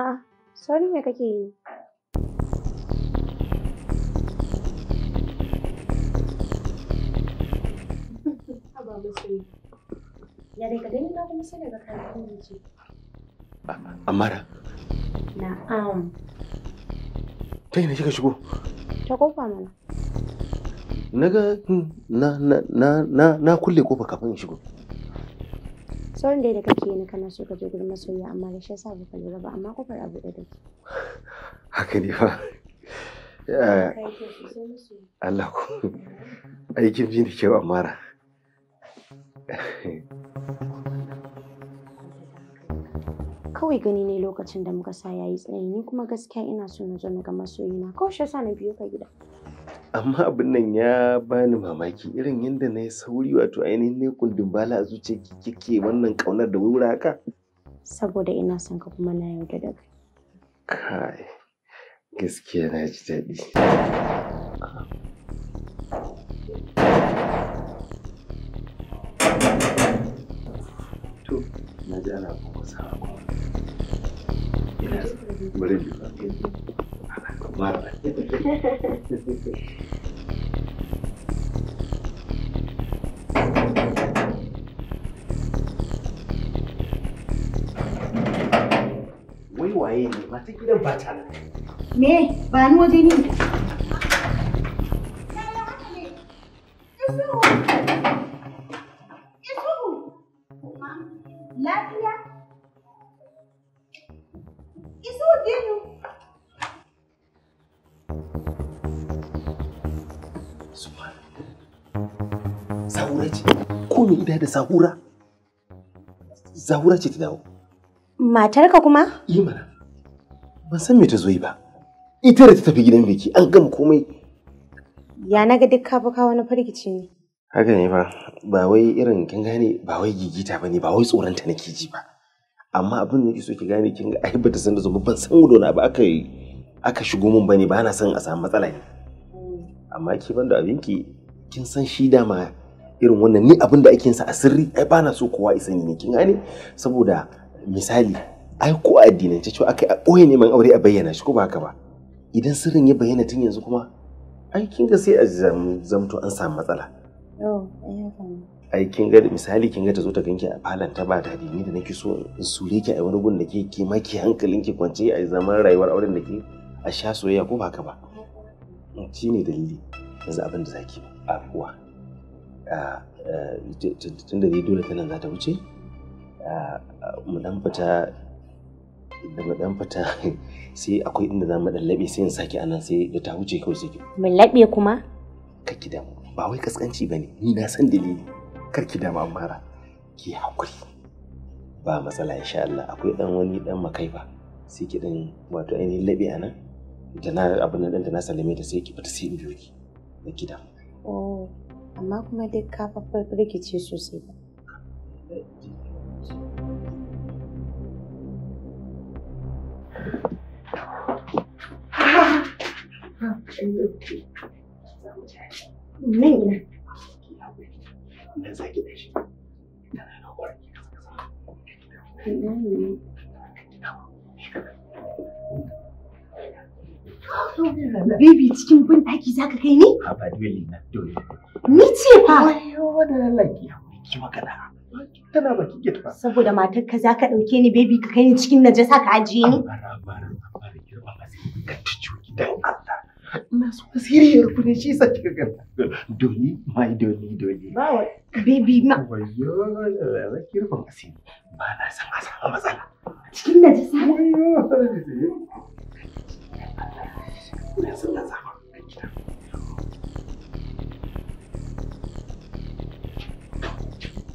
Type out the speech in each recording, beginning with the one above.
A'a, ah, sauri me kake yi? Amara. Na'am. Ta shigo? Ta kofa mana. Na ga na na na na kulle kofa kafin in shigo. sauran da kake ni kana so ka je gurin masoya amma da shi yasa baka lura ba amma kofar a buɗe take haka ne fa Allah ku aikin bi ne kyau kawai gani ne lokacin da muka sa yayi tsayi ni kuma gaskiya ina so na zo na ga masoyina kawai shi yasa na biyo ka gida amma abin nan ya bani mamaki irin yadda na yi sauri wato ainihin ne kundin bala a zuciya kike wannan kaunar da wura haka saboda ina son ka kuma na yau da kai kai gaskiya na ji daɗi na ji ana kuma ina bari Bárbara. Wai waye ne gidan ba ta Me ba ni waje ne. mai gida da zahura. zahura ce ta dawo matarka kuma yi mana ban san me ta zo yi ba ita da ta tafi gidan biki an gama komai ya naga duk ka wani firgici ne haka ne fa ba wai irin kin gane ba wai gigita bane ba wai tsoronta nake ji ba amma abin da nake so ki gane kin ga ai bata san da zuba ban san gudona ba aka aka shigo mun bane ba na son a samu matsala ne mm. amma ki banda abinki kin san shi dama irin wannan ni abin da ake yin sa a sirri ai ba na so kowa ya sani ne kin gane saboda misali ai ko a addinance cewa akai a ɓoye neman aure a bayyana shi ko ba haka ba idan sirrin ya bayyana tun yanzu kuma ai kin ga sai a zamto an samu matsala oh, ai kin ga misali kin ga ta zo ta ganki a falon ta ba daɗi ni da nake so in sure ki a wani gun da ke ke maki ki hankalin ki kwance a zaman rayuwar auren da ke a sha soyayya ko ba haka ba ne dalili yanzu abin da zaki ba tun da dai dole tana za ta wuce mu dan fita da mu dan fita sai akwai inda za mu dan labe sai in saki anan sai da ta wuce kawai sai mun labe kuma ka ki damu ba wai kaskanci bane ni na san dalili kar ki damu amara ki hakuri ba matsala insha Allah akwai dan wani dan makaifa sai ki dan wato ainihin labe anan da na abin nan da na sallame ta sai ki fita sai in biyo ki da ki damu oh amma kuma duk ka rikici sosai ba Baby cikin bin ɗaki za ka kai ni? Ha ba dole na dole. Ni ce fa. Wayo da lallaki ki magana. Tana baki ki tafa. Saboda matar ka za ka ɗauke ni baby ka kai ni cikin najasa ka ajiye ni. Bara bara bara girma ba sai ka tuju gidan Allah. Ina so asiriyar ku ne shi sa kika ga. Doni mai doni doni. Ba wa baby ma. Wayo da lallaki rufin asiri. Ba na san a samu matsala. Cikin najasa. Wayo. Ina son na zama a gidan.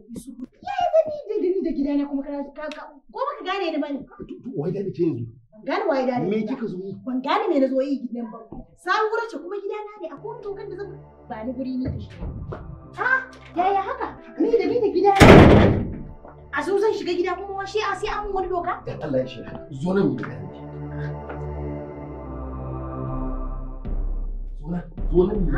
karfi su ya gani da gani da gidana kuma kana ko baka gane ni bane wai da ce yanzu gane wai da me kika zo ban gane me na zo yi gidan ba sawura ce kuma gidana ne a ko mutum kan da zan ba ni guri ne. da shi ha yaya haka ni da ni da ne a zo zan shiga gida kuma washe a sai an wani doka dan Allah ya shi zo nan mu gani zo nan zo nan mu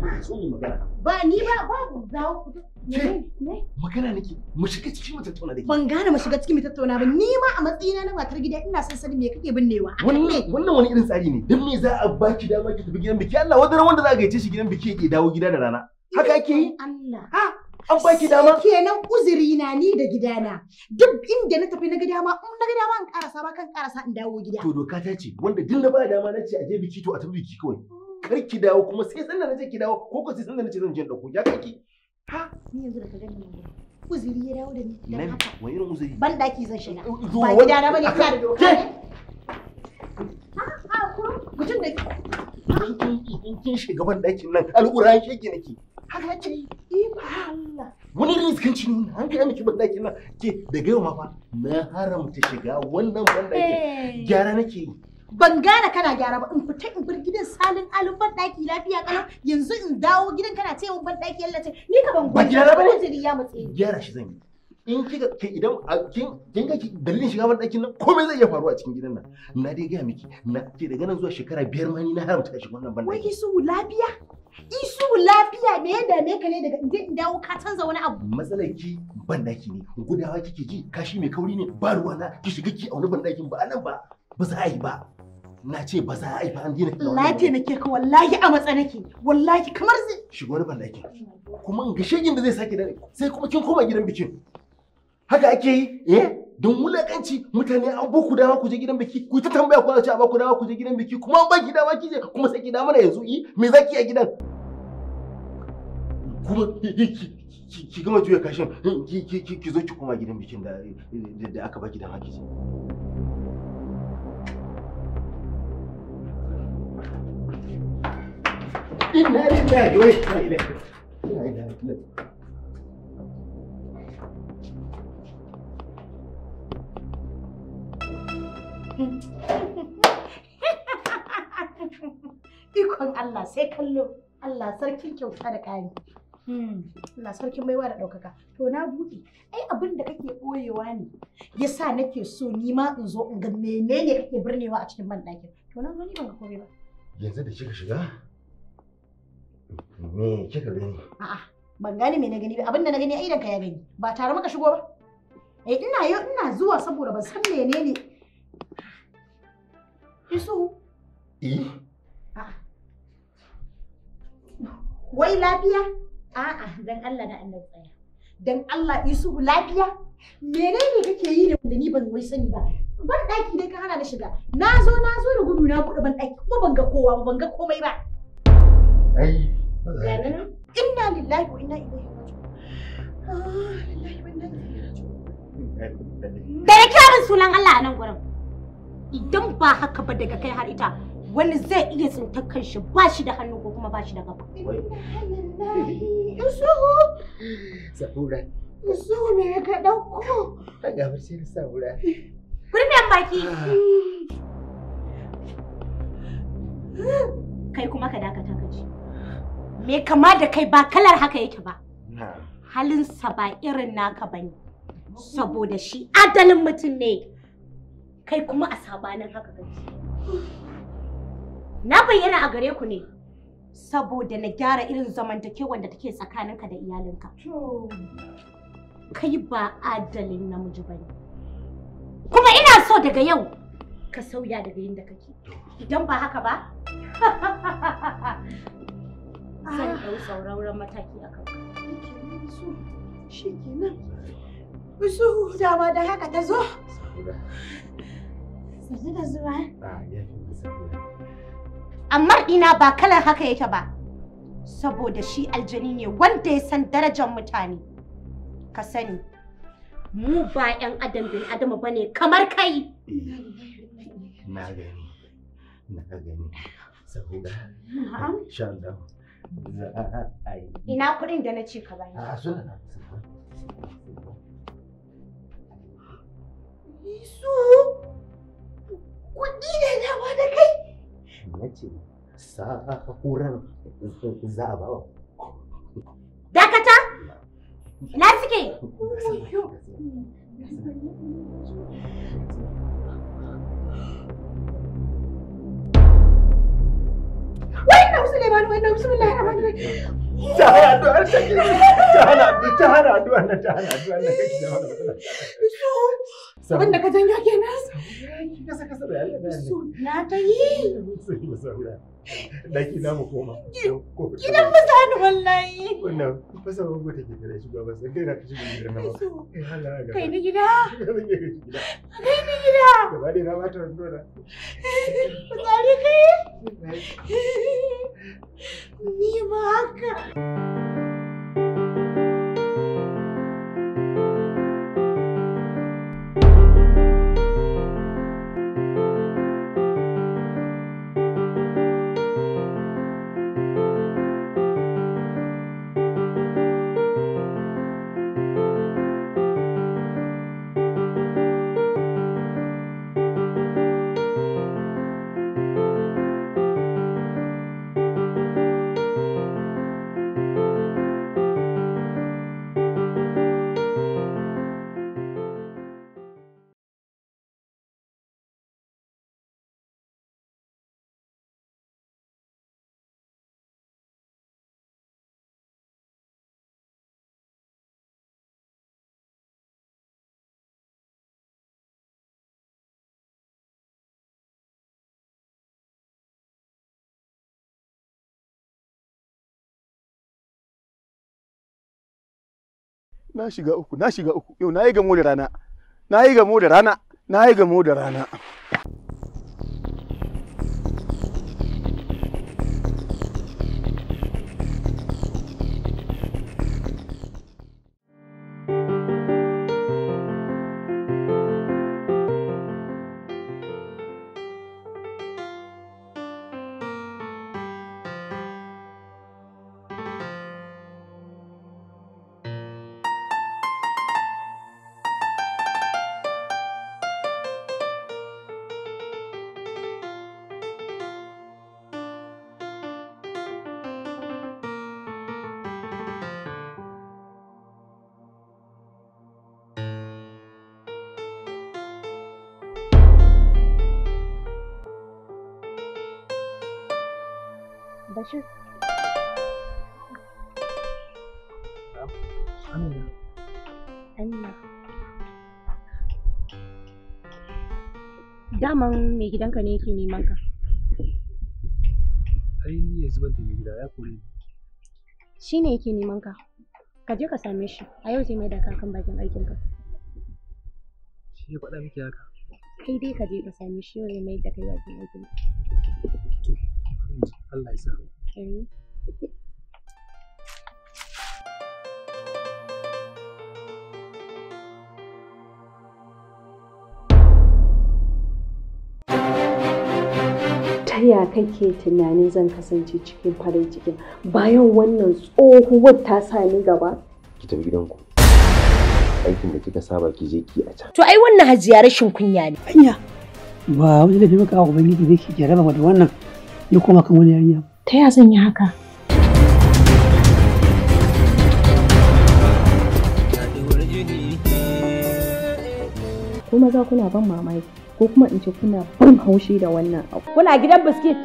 gani zo mu magana ba ni ba babu za ku Ne? Ne? Magana nake mu shiga cikin mu tattauna da ke. Ban gane mu shiga cikin mu tattauna ba ni ma a matsayina na matar gida ina son sanin me kake binnewa. Wannan wannan wani irin tsari ne. Dan me za a baki dama ki tafi gidan biki Allah wanda wanda za a gaice shi gidan biki ya dawo gida da rana. Haka ake yi? Allah. Ha? an baki dama? kenan uzuri na ni da gidana duk inda na tafi na ga dama in na ga dama an karasa ba kan karasa in dawo gida to doka ta ce wanda duk na ba dama na ce a je biki to a tafi biki kawai kar ki dawo kuma sai sannan na je ki dawo ko ko sai sannan na ce zan je dauko ya kaki ha ni yanzu da ka gani mun uzuri ya dawo da ni dan haka wani irin uzuri ban daki zan shiga ba gida na bane ina da doka mutum da Idan kin shiga ban dakin nan al'uran shege nake haka ce Allah wani riskanci ne an kai miki ban dakin nan ke daga yau ma fa na haramta shiga wannan ban dakin gyara nake yi ban gane kana gyara ba in fita in bar gidan salin alun ban daki lafiya kalau yanzu in dawo gidan kana ce mun ban daki ce ni ka ban ba gyara ba ne ya mutse gyara shi zan yi in kika ke idan kin kin ga dalilin shiga ban dakin nan komai zai iya faruwa a cikin gidan nan na dai ga miki na ce daga nan zuwa shekara biyar ma ni na haramta shi wannan ban daki wai su lafiya isu lafiya me ya dame ka ne daga inda in dawo ka canza wani abu matsalar ki ban daki ne gudawa kike ji kashi mai kauri ne ba ruwana ki shiga ki a wani ban dakin ba anan ba ba za a yi ba na ce ba za a haifa an dina ki lafiya nake ka wallahi a matsa nake wallahi kamar zai shigo ni ballaki kuma in ga shegin da zai sake dare sai kuma kin koma gidan bikin haka ake yi eh don wulakanci mutane an boku ku dama ku je gidan biki ku ta tambaya ku ce a ba ku dama ku je gidan biki kuma an ba ki dama kije kuma sai ki mana yanzu eh, yi me zaki a gidan kuma eh, eh, ki gama juya kashin ki zo ki koma gidan bikin da aka baki dama ki je Inna lillahi wa inna ilaihi Ikon Allah sai kallo, Allah sarkin kyauta da ƙari. Hmm. Allah sarkin baiwa da ɗaukaka. To na buɗe, ai abin da kake ɓoyewa ne, ya sa nake so ni ma in zo in ga menene kake birnewa a cikin banɗakin. To na zo ni ban ga komai ba. Yanzu da kika shiga? Me kika gani? A'a, ban gane me na gani ba. Abin da na gani ai ka ya gani. Ba tare maka shigo ba. Eh ina yau ina zuwa saboda ban san menene. Isu. Eh? A'a. Wai lafiya? A'a, dan Allah da Allah tsaya. Dan Allah Isu lafiya? Menene kake yi ne da ni ban wai sani ba? Ban daki dai ka hana na shiga. Na zo na zo da gudu na buɗe ban daki kuma ban ga kowa ba ban ga komai ba. Ai, Gani wa Inna lillahi wa inna ilaihi raji'un. Da ya sunan Allah a nan gurin. Idan ba haka ba daga kai har ita wani zai iya tsintar kanshi ba shi da hannu ko kuma ba shi da gaba. ka ɗauko? An gabar da sabura. baki! Kai kuma ka dakata ka ji. Me kama da kai ba kalar haka yake ba. Halinsa ba irin naka bane. Saboda shi adalin mutum ne. Kai kuma a sabanin haka kake. Na bayyana a gare ku ne. Saboda na gyara irin zamantakewar da take tsakaninka da iyalinka. Kai ba adalin namiji bane. Kuma ina so daga yau ka sauya daga yin da kake. Idan ba haka ba, zan ah. ɗau tsauraran mataki a kan shi kenan su dama da haka ta zo sannu da zuwa ah, amma ɗina ba kalar haka yake ba saboda shi aljani ne wanda ya san darajar mutane ka sani mu ba 'yan adam bin adama ba ne kamar kai na gani na gani saboda sha Ina kuɗin da na ce ka bani? A suna Isu! Kuɗi ne na ba da kai? Na ce za a bawa. Dakata! Na suke! Suleiman wannan bismillahir rahmanir rahim ta hana addu'ar ta ke ta hana ta hana addu'ar ta hana addu'ar da wannan matsala ka na ta daki na mu koma gidan mu ni wallahi wannan fasa na kashi gidan eh, kai ni gida kai ni gida dai na eh, kai 哥。na shiga uku na shiga uku yau na yi gamo da rana na yi gamo da rana na yi gamo da rana tashi mai gidanka ne yake neman ka ai ni yanzu ban mai gida ya kore ni shi ne yake neman ka ka je ka same shi a yau zai mai da kakan bakin aikin ka shi ya faɗa miki haka kai dai ka je ka same shi yau zai mai da kai bakin aikinka to Allah ya sa Okay. ta ya kake tunanin zan kasance cikin farin ciki bayan wannan tsohuwar ta sa ni gaba? Ki tafi gidanku. Aikin da kika saba ki je ki a can. To ai wannan hajiya rashin kunya ne. Anya ba wani da maka abu bane ne ke jaraba da wannan ya koma kan wani yarinya. ta ya zan yi haka ko maza kuna ban mamaki ko kuma in ce kuna ban haushi da wannan abu kuna gidan biskit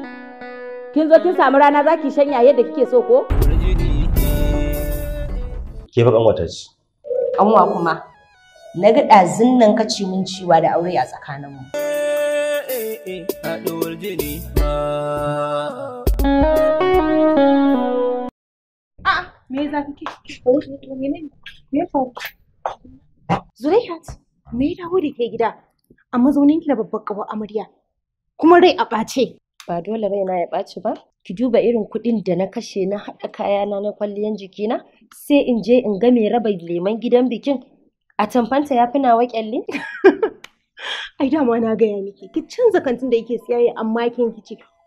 kin zo kin samu rana zaki shanya yadda kike so ko ke fa kanwata ce kanwa kuma na ga ɗazin nan kace min ciwa da aure a tsakaninmu eh, eh, eh, me ya zafi ki ko shi to menene me faru Zulaihat me da ke gida a mazauninki na babbar kawar amarya kuma rai a ɓace ba dole raina ya ɓaci ba ki duba irin kuɗin da na kashe na haɗa kayana na kwalliyan jikina sai in je in ga mai raba leman gidan bikin a tamfanta ya fi nawa kyalli ai dama na gaya miki ki canza kantin da yake siyayya amma kin kici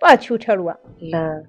ba cutarwa. La,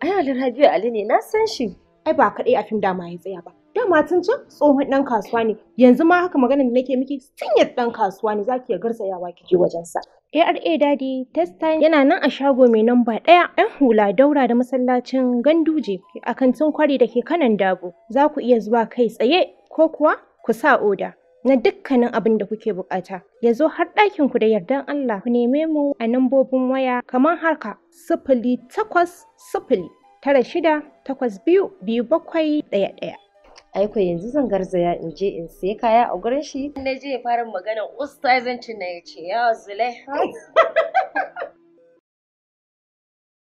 ai Alhaji Ali ne na san shi. Ai ba kaɗai a fim dama ya tsaya ba. Dama tun can tsohon ɗan kasuwa ne, yanzu ma haka maganar da nake miki sun ɗan kasuwa ne za ki iya garzayawa kike wajensa. ARA Daddy test time yana nan a shago mai namba ɗaya ‘yan hula daura da masallacin ganduje a kantin kwari da ke kanan dabo. Za ku iya zuwa kai tsaye ko kuwa ku sa oda. na dukkanin abin da kuke bukata. Ya zo har ɗakin ku da yardan Allah ku neme mu a nambobin waya kamar harka sifili takwas sifili tara shida takwas biyu biyu bakwai ɗaya ɗaya. aiko yanzu zan garzaya in je in sai kaya a gurin shi. Na je fara magana ustazancin na ya ce yawa zulai.